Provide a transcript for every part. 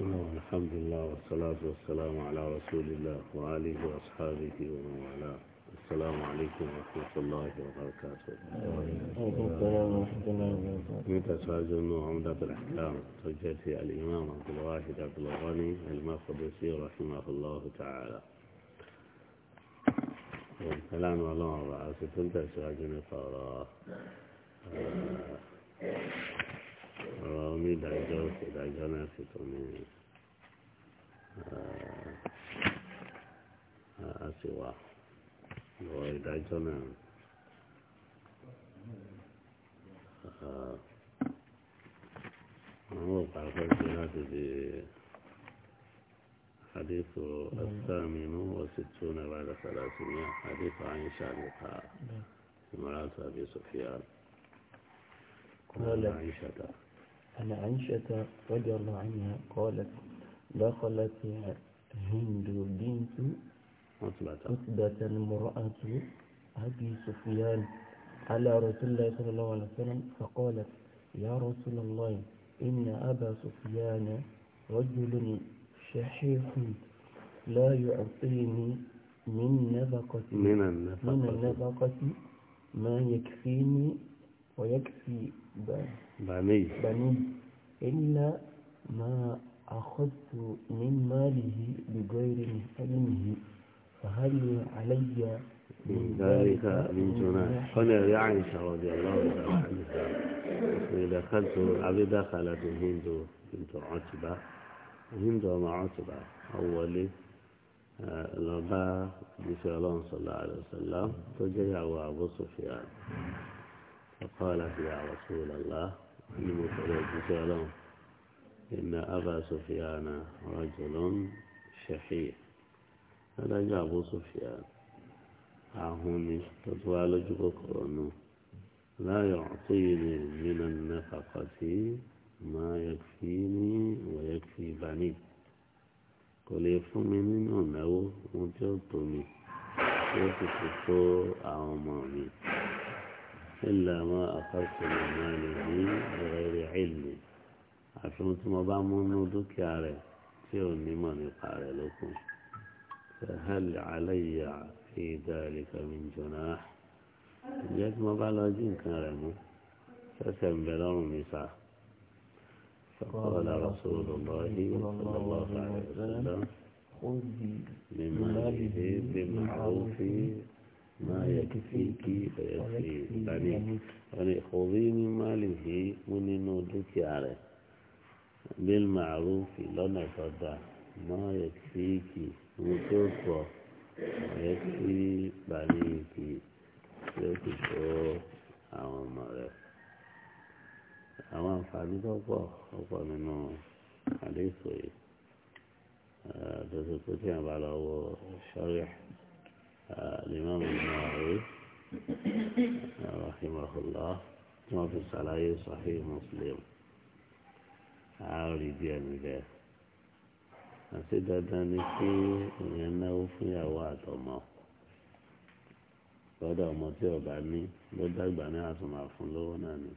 بسم الله والحمد لله والصلاة والسلام على رسول الله وآله وأصحابه ومن والاه السلام عليكم ورحمة الله وبركاته متى سأجن من الأحكام توجهت الإمام عبد الواحد عبد الغني المقدسي رحمه الله تعالى والكلام على الله وعاسف تنتهي سأجن فأراه ọ̀rọ̀ onídàájọ́ ìdájọ́ náà sì tún ní àṣìwà ọ̀rọ̀ ìdájọ́ náà. àwọn ọ̀pá akọ́ṣe láti di حديث الثامن وستون بعد ثلاثمائة حديث عائشة لقاء امرأة أبي سفيان قال عائشة أن عائشة رضي الله عنها قالت دخلت هند بنت عتبة امرأة أبي سفيان على رسول الله صلى الله عليه وسلم فقالت يا رسول الله إن أبا سفيان رجل شحيح لا يعطيني من نفقة من النفقة, من النفقة ما يكفيني ويكفي bani illa ma akhadtu min malihi bi ghayri ilmihi fahal alayya من ذلك من جناح قال يا عائشة رضي الله تعالى عنها دخلت أبي دخلت الهند بنت عتبة الهند ومع عتبة أولي لبا بسلام صلى الله عليه وسلم فجاء أبو سفيان فقالت يا رسول الله ní mo fọ̀rọ̀ òjíṣẹ́ ọlọ́run ìnà abba sofiana rajulun shahih adájọ́ àbú sofiana ahun ni tó tún wá lójú kòkòrò nù láyọ̀ ọ̀tún yìí ni nínú nípa pàtí máa yẹ kí ní wọ̀nyẹ kí ìbáni kò lè fún mi nínú ìnáwó ohun tí ó tó mi tí ó sì tó àwọn ọmọ mi. إلا ما أخذت من ماله بغير علم عشان ثم بعمل يا عليه سيرني ما نقال لكم فهل علي في ذلك من جناح جات ما بعلاجين كلامه فسم بلون نساء فقال رسول الله صلى الله عليه وسلم خذ بماله بمعروف ما يكفيك فيكفي بنيك يعني خذي من ماله من نودك عليه بالمعروف لنا صدى ما يكفيك وتوفى ويكفي بنيك يكفي أو مرة أما فعلي توفى أوفى منه عليه صحيح تسكتين على شرح الإمام النووي رحمه الله ثم في الصلاة صحيح مسلم عاري بيان الله àti dandan ni kí èèyàn náwó fún ìyàwó àtọmọ lọ́dọ̀ ọmọ tí ọba ní ló dàgbà ní àtùmọ̀ fún lówó náà ni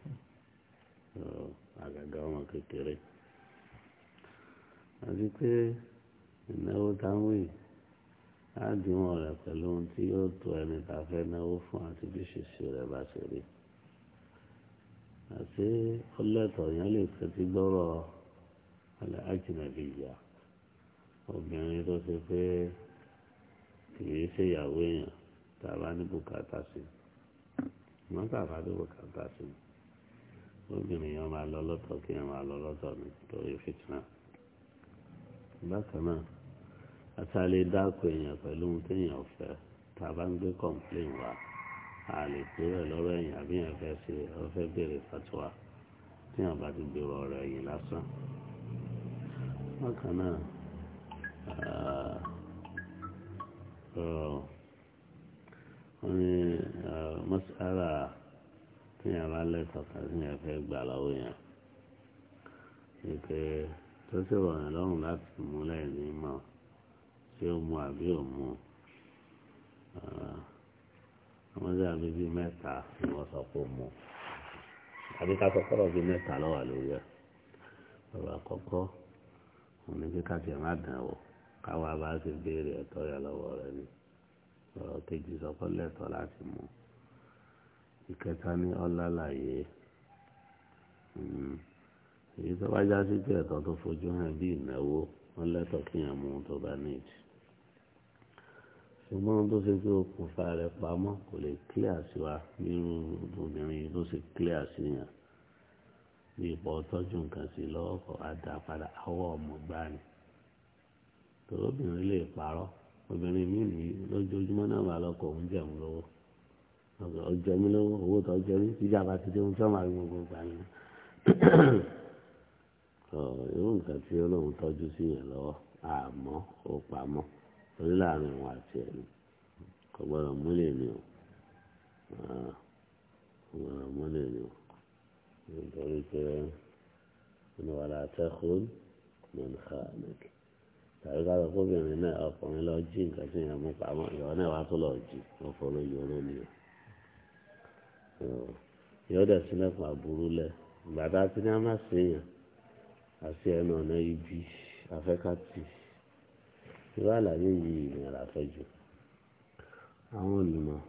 àgàgà ọmọ kékeré àti pé ìnáwó táwọn yìí á díwọ̀n rẹ̀ pẹ̀lú ohun tí yóò tó ẹni tá a fẹ́ náwó fún àti bí ṣèṣì rẹ̀ bá ṣe rí àti ọlẹ́tọ̀ yẹn lè fetí gbọ́rọ̀ ọlẹ́ ájìnàbí ìyá obìnrin tó ṣe pé kìí ṣe ìyàwó èèyàn tá a bá ní bùkátà sí wọn tá bá ní bùkátà sí obìnrin yẹn máa lọ lọ́tọ̀ kí yẹn máa lọ lọ́tọ̀ nítorí fìtínà bákan náà àtàlẹ́ dákò èèyàn pẹ̀lú ohun téèyàn fẹ́ tá a bá ń gbé kọ̀ǹpléìn wa a lè pé rẹ̀ lọ́rọ̀ ẹ̀yìn àbí yẹn fẹ́ ṣe ọ fẹ́ béèrè fatuwa téèyàn bá ti gbèrò ọ̀rọ̀ ẹ̀yìn lásán. bákan náà wọ́n ah, oh, ní ah, mọ́sára téèyàn bá lẹ́sọ̀ọ́ kan téèyàn fẹ́ gbà lọ́wọ́ yẹn wípé tó sì rọrùn lọ́rùn láti mú lẹ́yìn ní mọ́ ṣé ó mu àbí ò mu àwọn ọjà mi bíi mẹ́ta ni wọ́n sọ pé ó mu àbí ká kọ́kọ́rọ́ bíi mẹ́ta lọ́wọ́ lórí ẹ̀ ọ̀rọ̀ àkọ́kọ́ òun ni pé ká tiẹ̀ má dàn wọ̀ káwa bá ti béèrè ẹ̀tọ́ yà lọ́wọ́ rẹ̀ ni ọ̀rọ̀ kejì sọ pé lẹ́tọ̀ọ́ láti mu ìkẹta ní ọlálàyé hmm. èyí tó bá já sí pé ẹ̀tọ́ tó fojú hàn bí ìnáwó wọn lẹ́tọ̀ọ́ kíyàn mú tó bá níjì ṣùgbọ́n tó ṣe pé okùnfà rẹ̀ pamọ́ kò lè clear sí wa nínú obìnrin tó ṣe clear sí yàn bí ipò tọ́jú nǹkan sí lọ́wọ́ àdàpadà àwọ̀ ọ̀mọ̀gbá ni tòró obìnrin lè parọ́ obìnrin mi nìyí lójoojúmọ́ náà wà lọ́kọ̀ òun jẹun lọ́wọ́ ọjọ́ mi lọ́wọ́ owó tó jẹ mí tíjà bá ti dé ohun tí wọ́n máa rí gbogbo gbà ni irú nǹkan tí Ọlọ́run tọ́jú sí yàn lọ́wọ́ àmọ́ ó pamọ́ torí láàrin òun àti ẹni kò gbọ́dọ̀ múlẹ̀ ni o kò gbọ́dọ̀ múlẹ̀ ni o nítorí pé inú wa la tẹ́kùn lónìí ká nàkì tàbí ká lọ kóbìnrin náà ọkùnrin lọ jí nǹkan tí yẹn mú pamọ́ ìyọ̀ náà wàá tó lọ jí wọ́n fọlọ́ yọ o yóò dẹ̀ sílẹ̀kùn àbúrú lẹ̀ gbàdá tí ní a máa ṣe àti ẹnu ọ̀nà ibi afẹ́kàtì irú àlàyé yìí ni àràfẹ́jù àwọn olùmọ̀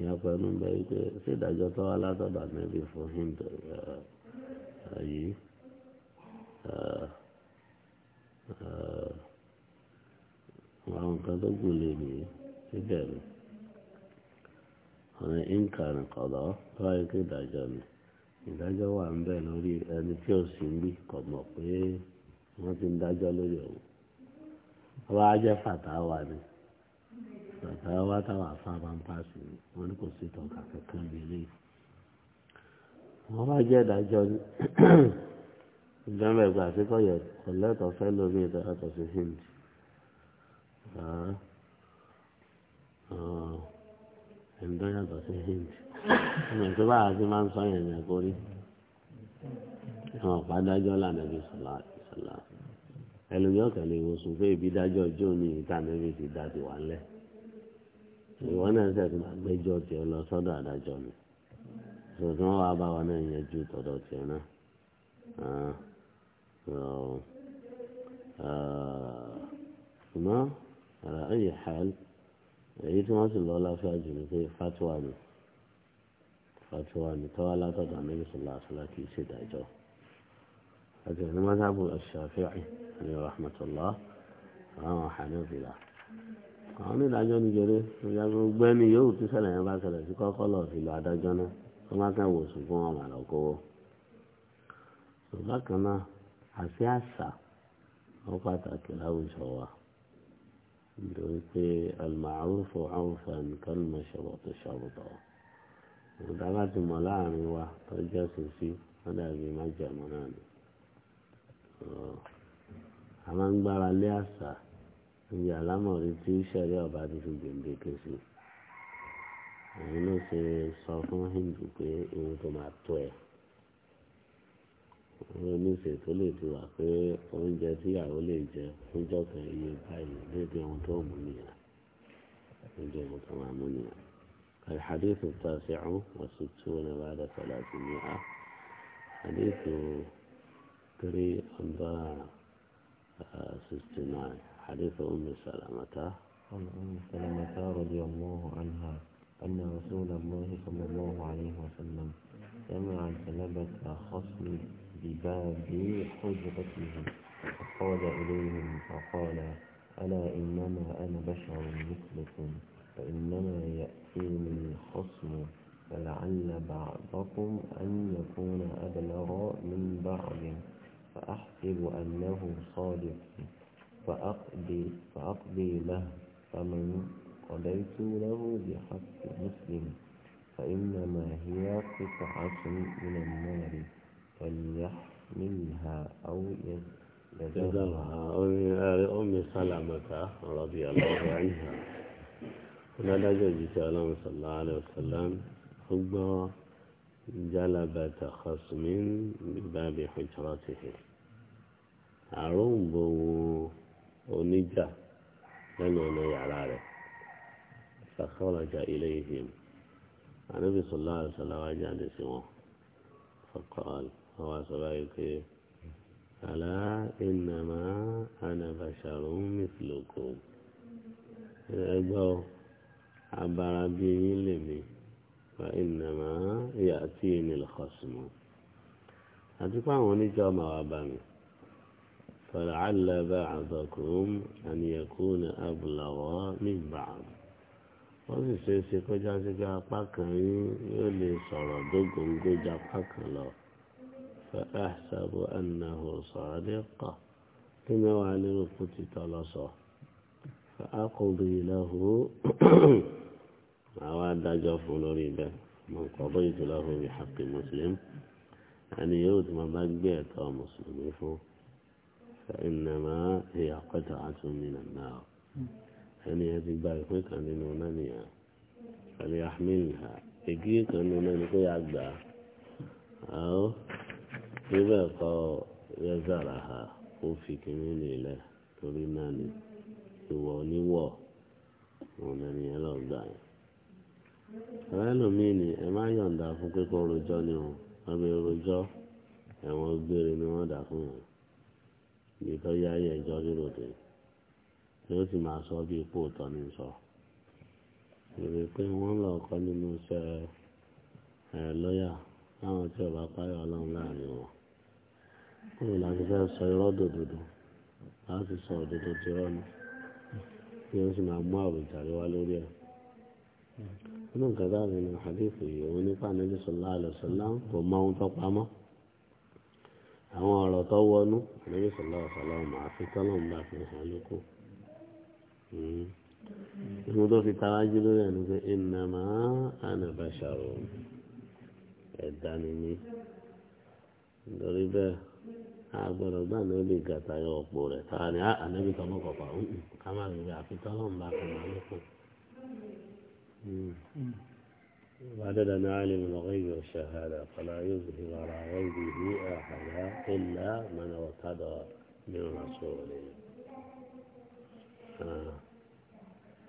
ìyá pẹ̀lú ń bẹ wípé sí ìdájọ́ tó wá látọ̀dọ̀ àmẹ́bí fún hind eh, eh, yìí eh, àwọn nǹkan tó gùn lè nìyí síbẹ̀ ni ọ̀nà ìǹkàrùn kọ̀dọ̀ tó wáyé pé ìdájọ́ ni ìdájọ́ wà ń bẹ lórí ẹni tí ó sì ń bí kọ̀ pé wọ́n ti ń dájọ́ lórí òun wọ́n á jẹ́ fàtàwà ni fàtàwà táwọn afáàmà ń bá sí i wọ́n ní kò sí tọ́ka kankan lélẹ̀ yìí wọ́n bá jẹ́ ìdájọ́ ní ìdánwò ẹgbẹ́ àfikọ́ yẹ kọ̀lẹ́tọ̀ fẹ́ lómi ìdájọ́ sí hind ẹ̀ńdọ́ yàtọ̀ sí hind ẹ̀ńdọ́ tó bá àti máa ń sọ yẹn ní àkórí ẹ̀wọ̀n pàdájọ́ lànà bí ẹlòmíràn kẹlẹ ìwòsàn pé ibi dájọ́ ọjọ́ mi ìta níbi ti dá ti wà ńlẹ̀ ìwọ náà sẹsẹ máa gbẹ́jọ́ tiẹ̀ lọ sọ́dọ̀ adájọ́ mi sọsọ wà bá wa náà yẹn ju tọ̀dọ̀ tiẹ̀ náà ṣùgbọ́n ara ẹyẹ xaal èyí tí wọ́n sì lọ láfíà jù ní pé fatuwa ni fatuwa ni tọ́wá látọ̀dọ̀ àmì ìṣòlá àṣọlá kì í ṣèdájọ́ àti ẹni mọ́sáàbù ṣàfihàn ní rahmatullah àwọn hanabila àwọn onídàájọ́ nìjẹ́rẹ́ ìyàgbọ́ gbẹ́ni yóò tún ṣẹlẹ̀ yẹn bá ṣẹlẹ̀ sí kọ́kọ́ lọ sí ìlú adájọ́ náà tó má kàn wò sùn fún wọn àlọ́ kówó. bákan náà àti àṣà wọn pàtàkì láwùjọ wa nítorí pé al-ma'rufu 'urfan kal-mashruti shartan ìdábàtì mọ̀ láàrin wa tó jẹ́ sùn sí wọ́n dàbí májàmọ́ náà ni a máa ń gbára lé àṣà níbi àlámọ̀rí tí ìṣẹ̀rí ọba ti fi gbèǹdéke sí èyí ló ṣe sọ fún hindu pé irun tó máa tó ẹ oníṣe tó lè ti wà pé oúnjẹ tíyàwó lè jẹ fúnjọ kan iye báyìí dédé ohun tó mú nìyẹn dédé ohun tó máa mú nìyẹn. الحديث التاسع والستون بعد ثلاثمائة حديث العسكري أنباء آه، سستناي حديث أم سلامة عن أم سلامة رضي الله عنها أن رسول الله صلى الله عليه وسلم سمع سلبة خصم بباب حجرته فقال إليهم فقال ألا إنما أنا بشر مثلكم فإنما يأتيني الخصم فلعل بعضكم أن يكون أبلغ من بعض فأحسب أنه صادق فأقضي, فأقضي له فمن قضيت له بحق مسلم فإنما هي قطعة من النار فليحملها أو يذرها أم سلمة رضي الله عنها ونادى جل جلاله صلى الله عليه وسلم خبر جلبة خصم بباب حجرته àrùnbó oníjà lẹ́nu ọ̀nà yàrá rẹ̀ fàkọ́rọ̀jà ilé ìhìn ànábì sọlá àṣàláwá jáde sí wọn fọkàn àwọn àṣàlá yìí pé àlá ìnàmá ànàbàṣàrùn mìtìlókò ẹgbẹ́ ọ abara bíi yín lèmi. فإنما يأتيني الخصم أتبع ونجا مرابني فلعل بعضكم أن يكون أبلغ من بعض wọ́n sì ṣe é ṣe kọjá síbi apá kan yín yóò lè sọ̀rọ̀ dógóńgójá apá kan lọ فأحسب أنه صادق كما وعليه قتل فأقضي له àwa adájọ́ lórí bẹ́ẹ̀ mọ̀ nǹkan bóyá ẹni yóò bá gbé ẹ̀tọ́ mùsùlùmí fún gba ìpín kan nínú náà ahmed ha kan nínú náà ni a gbà á ó kọ́ ha ó fi nílẹ̀ torí náà ni ìwọ oníwọ̀ àwọn ni ẹ má yọ̀ǹda fún pé rojọ́ ni o wọ́n rojọ́ ẹ̀wọ̀n gbére ni wọ́n dà fún wọn ibi tó yá ẹjọ́ rírò dé ni ó sì máa sọ bí ipò òtọ́ ní sọ ìrè pé wọ́n lọ kọ́ nínú iṣẹ́ ẹ̀ lọ́yà láwọn tí ọba páyọ̀ ọlọ́run láàrin wọn kúrò láti fẹ́ sọ irọ́ dòdòdò láti sọ òdodo ti rọ́nu bí ó sì máa mú àwùjáde wá lórí ẹ̀ inú nǹkan tá a rìn ní àdéhùn yìí òun nípa níbi sọlá àlọsọlá kò mọ ohun tó pamọ́ àwọn ọ̀rọ̀ tó wọnú níbi sọlá àlọsọlá máa fi tọ́lọ̀ ń bá fi hàn lóko hmm. ìmú tó fi tawájú lórí ẹni pé innama ana basharun ẹ̀dá ni mí nítorí bẹ́ẹ̀ agbọ́dọ̀ gbà ní ó lè gàtayọ ọ̀pọ̀ rẹ̀ táwa ni ah, ànábì kan hmm, ká má rí rí àfitọ́lọ́mùbá kan máa lókun. قال لنا علم الغيب والشهادة فلا يظهر على غيبه أحدا إلا من ارتضى من رسوله آه.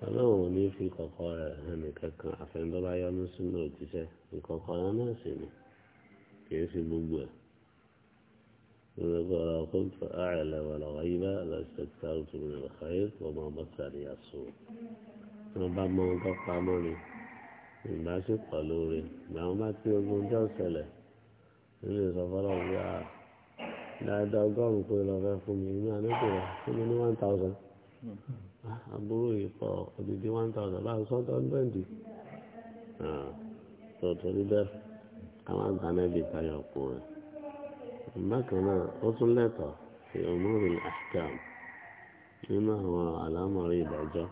فما اني في قوقعة هم كك عفين بلا السنه النوتسة في قوقعة ناسين كيف يبقوا ونقول أقول فأعلى ولا غيبة لا استكثرت من الخير وما مثل يصور tí mo bá mọ ohun tó pamọ́ ìgbà ìgbà wọn bá tí ogun ọjọ́ ìṣẹ̀lẹ̀ nínú ìsọfọ́lọ́ bí a dáadáa ọgọ́rùn-ún pé lọ fẹ́ fún mi inú àdókò rẹ̀ fún mi ní one thousand àbúrò yìí odidi one thousand tó torí bẹ́ẹ̀ àgbàlẹ́bí bákan náà ó tún lẹ́tọ̀ọ́ nínú àwọn àlámọ̀rí ìdájọ́.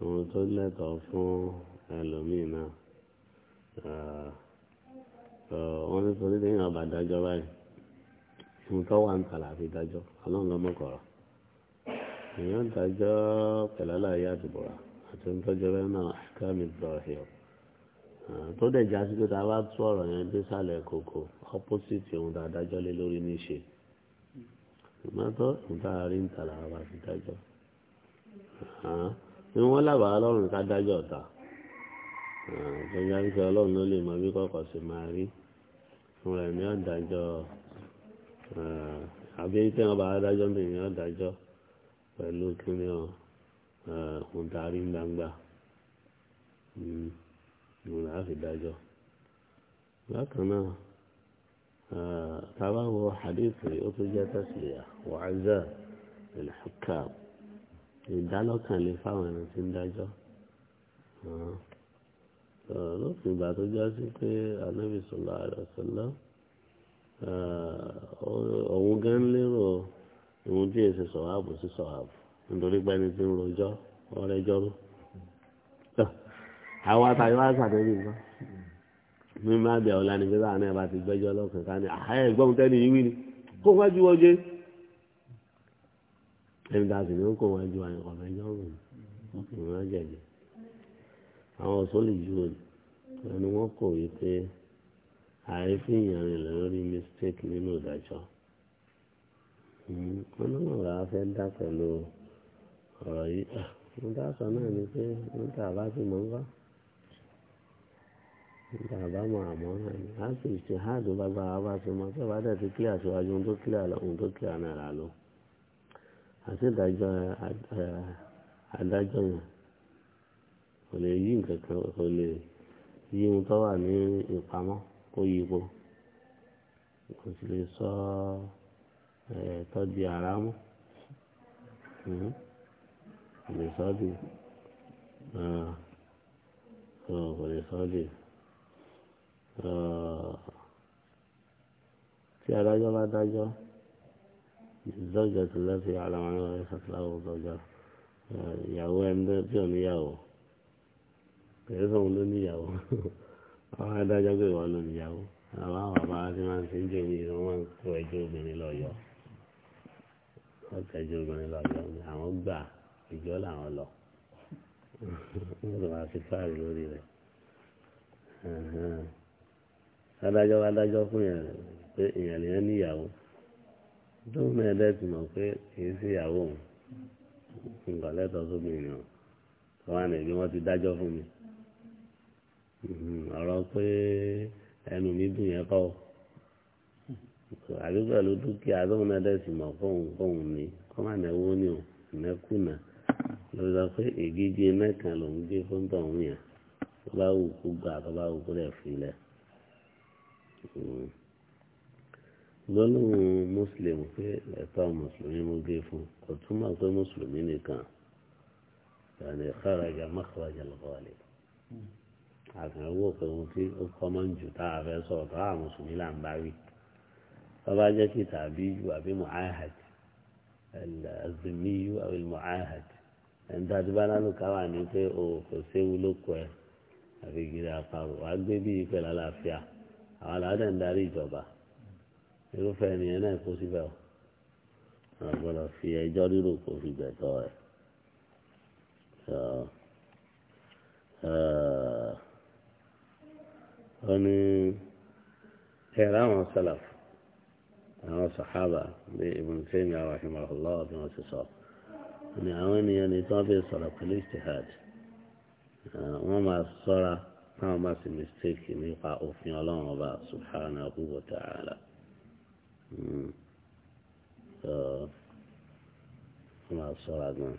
ohun tó lẹ́tọ̀ fún ẹlòmíì náà wọ́n ní torí lẹ́yìn ọba dájọ́ báyìí ohun tó wà ń tà láti dájọ́ ọlọ́run ló mọ̀kọ̀rọ̀ èèyàn dájọ́ pẹ̀lú aláàyè àtìbọ̀rà àti ohun tó jẹ́ bẹ́ẹ̀ náà kámi dọ̀hìn tó dẹ̀ já sí pé tá a bá tú ọ̀rọ̀ yẹn dé sálẹ̀ kòkò ọ́pọ́sìtì ohun tá a dájọ́ lé lórí ní ṣe ìmọ̀tọ́ ohun tá a rí ń tà láti dájọ́ ni wọ́n lábàá lọ́rùn ká dájọ́ ọ̀tá ẹ̀yà ń sọ ọlọ́run ló lè mọ bí kọ̀ọ̀kọ̀ sì máa rí fún rẹ̀ ní ọ̀dájọ́ àbí tí wọ́n bá dájọ́ mi ní ọ̀dájọ́ pẹ̀lú kí ni ọ̀hún darí gbangba hmm, ní ọ̀la fi dájọ́. bákan náà tábà wọ hadith ó tún jẹ́ tẹ̀síyà wàhálà ìlú hukam ìdálọ́kànlé fáwọn ẹni tí ń dájọ́ lópin ìgbà tó já sí pé anábì sọlá àrẹ̀sọ́lá òun gan lérò ìwọ̀n tí èsì sọ̀háàbù sí sọ̀háàbù nítorí pé ẹni tí ń rojọ́ ọ̀rẹ́jọ́ ló. àwọn àtàyè wá sàdébì nǹkan mímú àbẹ̀ ọ̀la ni pé báwọn náà bá ti gbẹ́jọ́ lọ́kàn ká ní àhẹ́ ẹ̀gbọ́n tẹ́ni yìí ni kó wájú wọ́n jẹ́ ẹni tá a sì ní ó kó wọn ju àyàn ọ̀bẹ jẹ̀jẹ̀ àwọn sólì ju ẹni wọn kò wí pé àrífín ìyàrin lórí mistake nínú ìdájọ́ hmm, wọn náà wọn làá fẹ́ dá pẹ̀lú ọ̀rọ̀ yìí ah, mo dá sọ náà ni pé níta bá ti mọ̀ ń bá níta bá mọ̀ àmọ́ náà ni a sì ṣe háàdù bá gbára bá ti mọ̀ tí bá dẹ̀ ti kílíà síwájú ohun tó kílíà lọ ohun tó kílíà náà là lọ àti ìdájọ́ adájọ́ yẹn kò lè yí nǹkan kan kò lè yí ohun tó wà ní ìpamọ́ kó yípo kò sì lè sọ ẹ̀ tó di hmm? kò lè sọ di kò lè sọ di tí adájọ́ bá dájọ́. الزوجة التي على معناها ليست له زوجة ìyàwó ẹni tó tí ò níyàwó kìí sóhun ló níyàwó àwọn adájọ́ pé ìwọ ló níyàwó àwọn àwọn bàbá tí máa ń ṣe ń jẹ omi ìran wọn kó ẹjọ́ obìnrin lọ yọ wọn kó ẹjọ́ obìnrin lọ yọ àwọn gbà ìjọ làwọn lọ wọn lọ máa dóun náà dẹ́tì mọ̀ pé kì í sí ìyàwó òun nǹkan lẹ́tọ̀ọ́ sóbìnrin o wọn ni bí wọ́n ti dájọ́ fún mi hmm, ọ̀rọ̀ pé ẹnu mi dùn yẹn kọ́ àbí pẹ̀lú dúkìá dóun náà dẹ́tì mọ̀ fóun fóun ni kọ́ máa náwó ni o ìnákùnà ló sọ pé ègéjì mẹ́kan lòún gbé fún tọ̀hún yẹn tó bá wù kó gbà tó bá wù kó lẹ̀ fi lẹ̀. Hmm gbólóhùn mùsùlùmí pé ẹ̀tọ́ mùsùlùmí mo gé fún kò túmọ̀ pé mùsùlùmí nìkan yàní ìkárajà mọ́kànlájà lọ́wọ́ àlè àtàwọn òpè ohun tí ó kọ́ máa ń jù tá a fẹ́ sọ̀rọ̀ tó àwọn mùsùlùmí là ń bá wí bàbá jẹ́ kí tàbí ju àbí mu'ahad azimiyu àbí mu'ahad ẹ̀ńtà tí bá ká wà ní pé o kò séwu lóko ẹ àfi gírí apá wàá gbé bí ìpè lálàáfíà àwọn aláàdẹ̀ ń darí ìjọba. irúfẹ́ ènìyàn náà kó síbẹ̀ o àgbọ̀dọ̀ fi ẹjọ́ rírò kó fi gbẹ̀tọ́ ẹ̀ ọ ní ẹ̀rọ àwọn sálàfù àwọn sàhábà bí ibùn tẹ́mi àwọn ìmọ̀lá bí wọ́n ti sọ ní àwọn ènìyàn ní tí wọ́n fi sọ̀rọ̀ pẹ̀lú ìtìhàd wọ́n máa sọ́ra táwọn bá sì mistake nípa òfin ọlọ́run ọba subhanahu wa ta'ala. مع الصلاة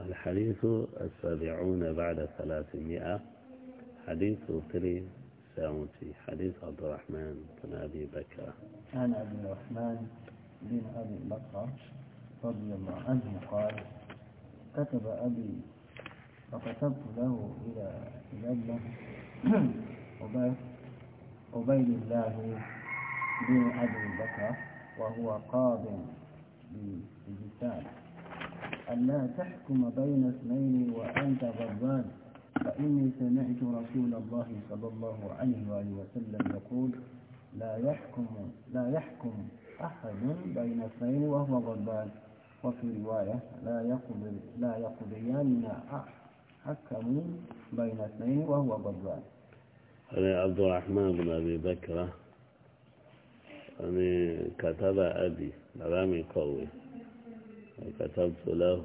الحديث السابعون بعد ثلاثمائة حديث 370 حديث عبد الرحمن بن أبي بكر عن عبد الرحمن بن أبي بكر رضي الله عنه قال كتب أبي فكتبت له إلى إلى ابنه وبعث عبيد الله بن أبي بكر وهو قاض بإجتهاد ألا تحكم بين اثنين وأنت غضبان فإني سمعت رسول الله صلى الله عليه وآله وسلم يقول لا يحكم لا يحكم أحد بين اثنين وهو غضبان وفي رواية لا يقضي لا يقضيان حكم بين اثنين وهو غضبان أني عبد الرحمن بن أبي بكرة أني كتب أبي رامي قوي وكتبت له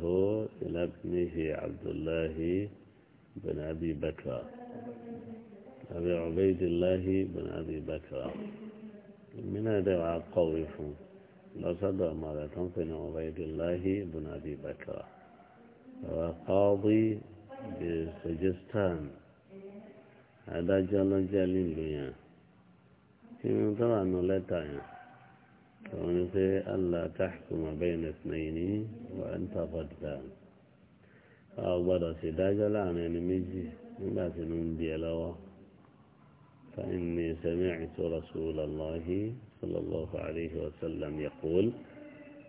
إلى ابنه عبد الله بن أبي بكرة أبي عبيد الله بن أبي بكرة من هذا قوي لا صدر ماذا تنقل عبيد الله بن أبي بكرة وقاضي بسجستان adájọ́ lọ́jọ́ lílo yẹn inú tó wà nù lẹ́tà yẹn tọ́wọ́n ní pé allah tahkuma bayna ithnayni wa anta ghadban a ò gbọ́dọ̀ ṣèdájọ́ láàrin ẹni méjì nígbà tí ló ń bí ẹ lọ́wọ́ فإني سمعت رسول الله صلى الله عليه وسلم يقول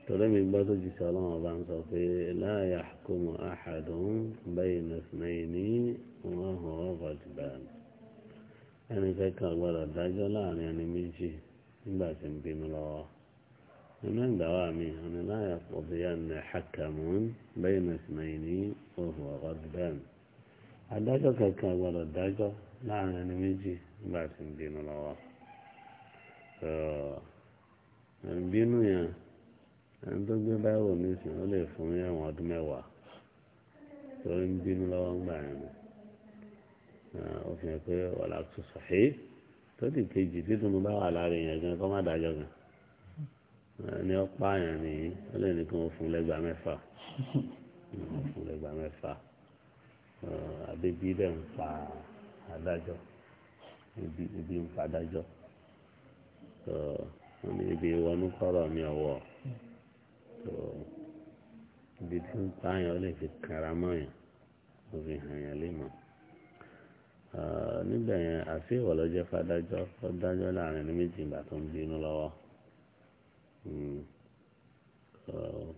تلمي بدو جسالة بان لا يحكم أحد بين اثنين وهو غضبان ẹni kẹ́kọ̀ọ́ gbọ́dọ̀ dájọ́ láàrin ẹni méjì nígbà tí ń bímọ lọ́wọ́ nínú ìgbà wa mi ọ̀nà láyà pọ̀ sí yá ní hakamu bẹ́yìn ìsìnàyìn ní òhùn ọ̀rọ̀ dẹ́n adájọ́ kẹ́kọ̀ọ́ gbọ́dọ̀ dájọ́ láàrin ẹni méjì nígbà tí ń bímọ lọ́wọ́ ìbínú yẹn ẹni tó gbé báyìí wò nísìnyí ó lè fún yẹn wọn ọdún mẹ́wàá torí ń bínú lọ́wọ́ ń yẹn òfin ẹ̀ pé wàlá tó sàhé tó di kejì títún bá wà lára èèyàn gan kọ́ má dájọ́ gan ni, ọ̀pá àyàn ní ọlẹ́ni kan fún lẹ́gbàá mẹ́fà fún lẹ́gbàá mẹ́fà àbẹ́bí dẹ̀ ń pa adájọ́ ibi ń pa adájọ́ wọ́n ní ibi ìwọ́nú kọ́rọ̀ ní ọwọ́ ibi tí ń pa àyàn lè fi kára mọ́ yàn ó fi hàn yàn lé mọ́ níbẹ̀ yẹn àfi ìwọ ló jẹ́ fádájọ́ ó dájọ́ láàrin ní méjì ìgbà tó ń bínú lọ́wọ́ hmm.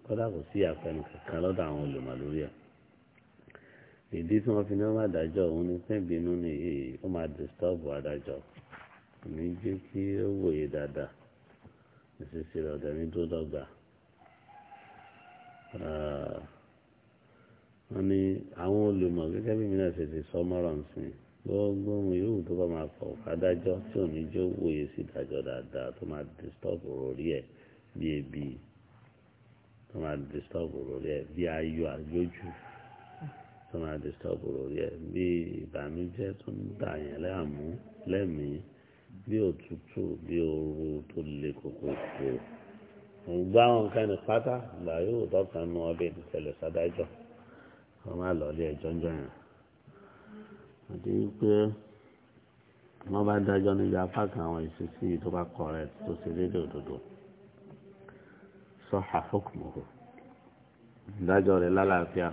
kódà kò sí àpẹnu kankan lọ́dọ̀ àwọn olùmọ̀ lórí ẹ̀ ìdí tí wọ́n fi ní wọ́n máa dájọ́ òun ni pé ìbínú ni ó máa dìstọ́ọ̀bù adájọ́ kò ní jẹ́ kí ó wòye dáadáa ìṣesí rẹ̀ ọ̀dẹ̀ ní tó dọ́gba wọ́n ní àwọn olùmọ̀ gẹ́gẹ́ bí mi náà ṣe ti sọ mọ́rọ̀ nsìn gbogbo ohun yòówù tó bá máa kọ̀ adájọ́ tí òní jó wòye sí ìdájọ́ dáadáa tó máa disturb òròrí ẹ̀ bí ebi tó máa disturb òròrí ẹ̀ bí ayọ̀ àgbójú tó máa disturb òròrí ẹ̀ bí ìbànújẹ́ tó ń dà yẹn láàmú lẹ́mìí bí òtútù bí ooru tó le koko kò gbogbo àwọn pátá ìgbà yóò tọ́ka nu ọbẹ̀ ìdíṣẹ̀lẹ̀ sádájọ́ wọ́n máa lọ ilé ẹjọ́ ń jọ àti wípé wọ́n bá dájọ́ níbi apá kan àwọn ìṣesí yìí tó bá correct tó ṣe déédéé òdodo sọ́hà fọ́kùnmọ́kù ìdájọ́ rẹ̀ lálàáfíà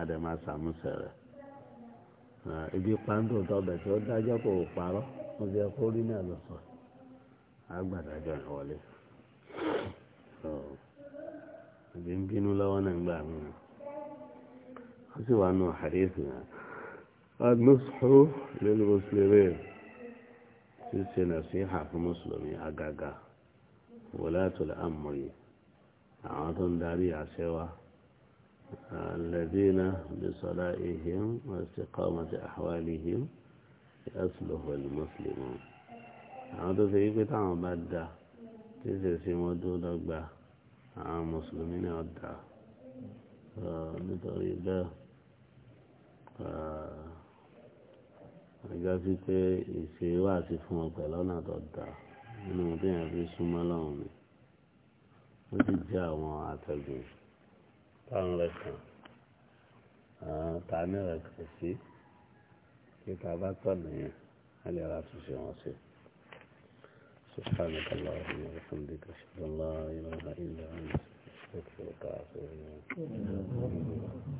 àdèmà sàmúsẹ̀ rẹ̀ ibi pàǹdù tọ́bẹ̀ tí ó dájọ́ kò parọ́ mo fi ẹkọ orí náà lọ sọ àgbàdájọ́ yẹn wọlé ìbí lọ́wọ́ náà ń gbà mí wọ́n النصح للمسلمين في نصيحة في مسلمي أجاجا ولاة الأمر عاطن داري عسوا الذين بصلائهم واستقامة أحوالهم يصلح المسلمون عاطن في بتاع مادة تسيسي مدودك به عن مسلمين أدعى فنطري آه، àjọ sí pé ìṣe wà sí fún ọ pẹ̀lú ọ̀nà tó dáa nínú ohun tí èèyàn fi súnmọ́ lọ́hùn ni ó sì jẹ́ àwọn àtẹ̀gùn táwọn rẹ̀ kàn tani rẹ̀ kàn sí kí ta bá tọ̀nà yẹn a lè ra àtúnṣe wọn sí. سبحانك اللهم وبحمدك اشهد ان لا اله الا انت استغفرك واتوب اليك